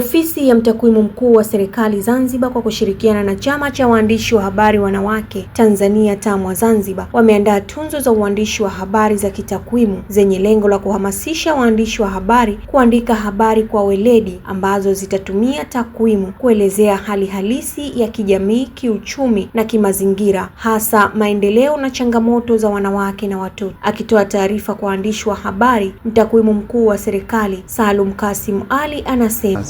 Ofisi ya Mtakwimu Mkuu wa Serikali Zanzibar kwa kushirikiana na Chama cha Waandishi wa Habari Wanawake Tanzania TAMWA Zanzibar wameandaa tunzo za uandishi wa habari za kitakwimu zenye lengo la kuhamasisha waandishi wa habari kuandika habari kwa weledi ambazo zitatumia takwimu kuelezea hali halisi ya kijamii, kiuchumi na kimazingira, hasa maendeleo na changamoto za wanawake na watoto. Akitoa taarifa kwa waandishi wa habari, Mtakwimu Mkuu wa Serikali Salum Kasim Ali anasema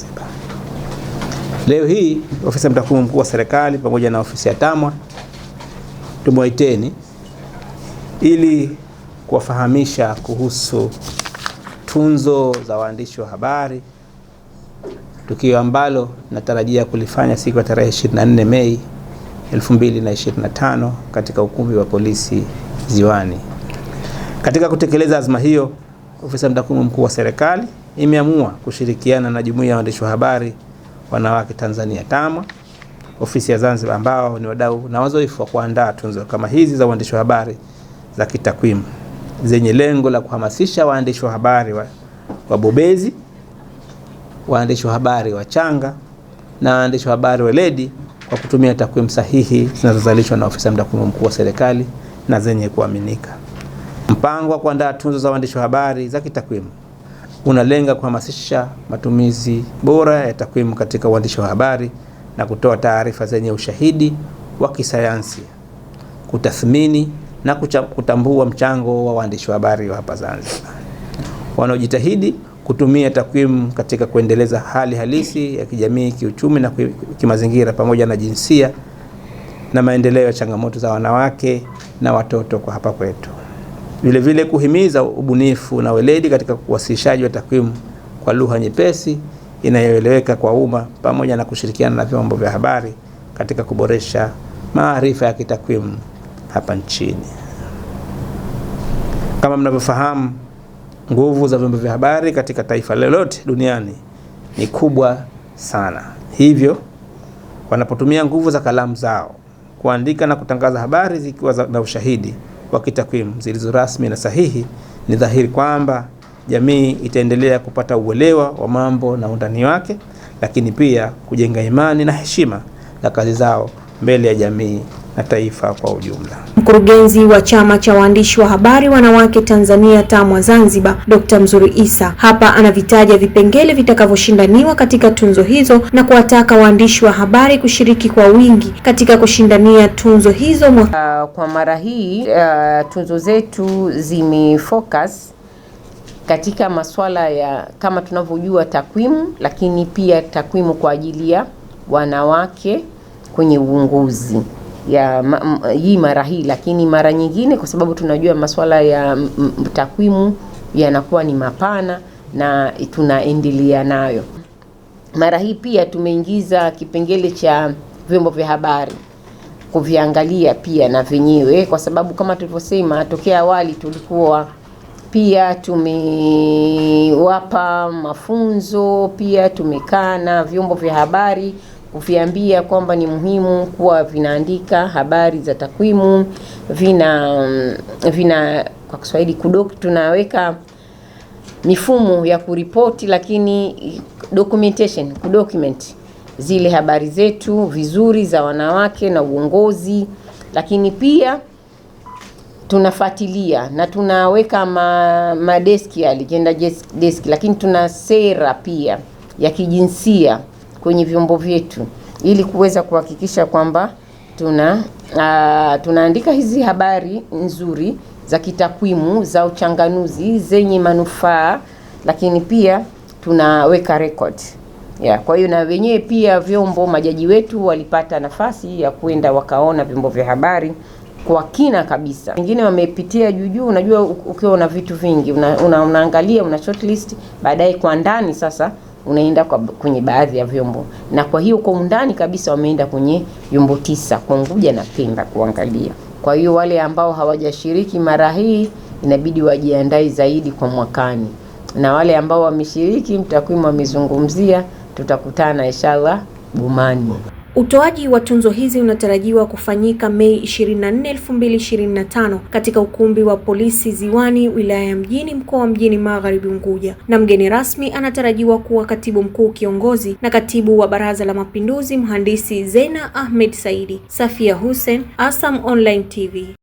Leo hii ofisi ya mtakwimu mkuu wa serikali pamoja na ofisi ya TAMWA tumewaiteni ili kuwafahamisha kuhusu tunzo za waandishi wa habari, tukio ambalo natarajia kulifanya siku ya tarehe 24 Mei 2025 katika ukumbi wa polisi Ziwani. Katika kutekeleza azma hiyo, ofisi ya mtakwimu mkuu wa serikali imeamua kushirikiana na jumuiya ya waandishi wa habari wanawake Tanzania TAMWA, ofisi ya Zanzibar, ambao ni wadau na wazoefu wa kuandaa tunzo kama hizi za uandishi wa habari za kitakwimu zenye lengo la kuhamasisha waandishi wa habari wabobezi, waandishi wa habari wachanga na waandishi wa habari weledi kwa kutumia takwimu sahihi zinazozalishwa na ofisi ya mtakwimu mkuu wa serikali na zenye kuaminika. Mpango wa kuandaa tunzo za waandishi wa habari za kitakwimu unalenga kuhamasisha matumizi bora ya takwimu katika uandishi wa habari na kutoa taarifa zenye ushahidi wa kisayansi, kutathmini na kutambua mchango wa waandishi wa habari wa hapa Zanzibar wanaojitahidi kutumia takwimu katika kuendeleza hali halisi ya kijamii, kiuchumi na kimazingira, pamoja na jinsia na maendeleo ya changamoto za wanawake na watoto kwa hapa kwetu. Vile vile kuhimiza ubunifu na weledi katika uwasilishaji wa takwimu kwa lugha nyepesi inayoeleweka kwa umma, pamoja na kushirikiana na vyombo vya habari katika kuboresha maarifa ya kitakwimu hapa nchini. Kama mnavyofahamu, nguvu za vyombo vya habari katika taifa lolote duniani ni kubwa sana. Hivyo wanapotumia nguvu za kalamu zao kuandika na kutangaza habari zikiwa na ushahidi wa kitakwimu zilizo rasmi na sahihi, ni dhahiri kwamba jamii itaendelea kupata uelewa wa mambo na undani wake, lakini pia kujenga imani na heshima na kazi zao mbele ya jamii na taifa kwa ujumla. Mkurugenzi wa Chama cha Waandishi wa Habari Wanawake Tanzania TAMWA Zanzibar, Dr. Mzuri Isa hapa anavitaja vipengele vitakavyoshindaniwa katika tunzo hizo na kuwataka waandishi wa habari kushiriki kwa wingi katika kushindania tunzo hizo. Uh, kwa mara hii uh, tunzo zetu zimefocus katika masuala ya kama tunavyojua takwimu, lakini pia takwimu kwa ajili ya wanawake kwenye uongozi ya ma, hii mara hii, lakini mara nyingine, kwa sababu tunajua masuala ya takwimu yanakuwa ni mapana na tunaendelea nayo. Mara hii pia tumeingiza kipengele cha vyombo vya habari kuviangalia pia na vyenyewe, kwa sababu kama tulivyosema tokea awali tulikuwa pia tumewapa mafunzo, pia tumekaa na vyombo vya habari kuviambia kwamba ni muhimu kuwa vinaandika habari za takwimu, vina mm, vina kwa Kiswahili kudoku, tunaweka mifumo ya kuripoti, lakini documentation, kudocument zile habari zetu vizuri za wanawake na uongozi, lakini pia tunafuatilia na tunaweka ma, madeski ya agenda deski, lakini tuna sera pia ya kijinsia kwenye vyombo vyetu ili kuweza kuhakikisha kwamba tuna uh, tunaandika hizi habari nzuri za kitakwimu za uchanganuzi zenye manufaa, lakini pia tunaweka record yeah. Kwa hiyo na wenyewe pia vyombo, majaji wetu walipata nafasi ya kwenda wakaona vyombo vya habari kwa kina kabisa, wengine wamepitia juu juu. Unajua, ukiwa una vitu vingi una, una, unaangalia una shortlist, baadaye kwa ndani sasa unaenda kwa, kwenye baadhi ya vyombo na kwa hiyo kwa undani kabisa wameenda kwenye vyombo tisa kwa Unguja na Pemba kuangalia. Kwa hiyo wale ambao hawajashiriki mara hii inabidi wajiandae zaidi kwa mwakani, na wale ambao wameshiriki, mtakwimu amezungumzia, tutakutana inshallah bumani Utoaji wa tunzo hizi unatarajiwa kufanyika Mei 24, 2025 katika ukumbi wa polisi Ziwani, wilaya ya Mjini, mkoa wa Mjini Magharibi Unguja, na mgeni rasmi anatarajiwa kuwa katibu mkuu kiongozi na katibu wa Baraza la Mapinduzi, Mhandisi Zena Ahmed Saidi. Safia Hussein, ASAM Online TV.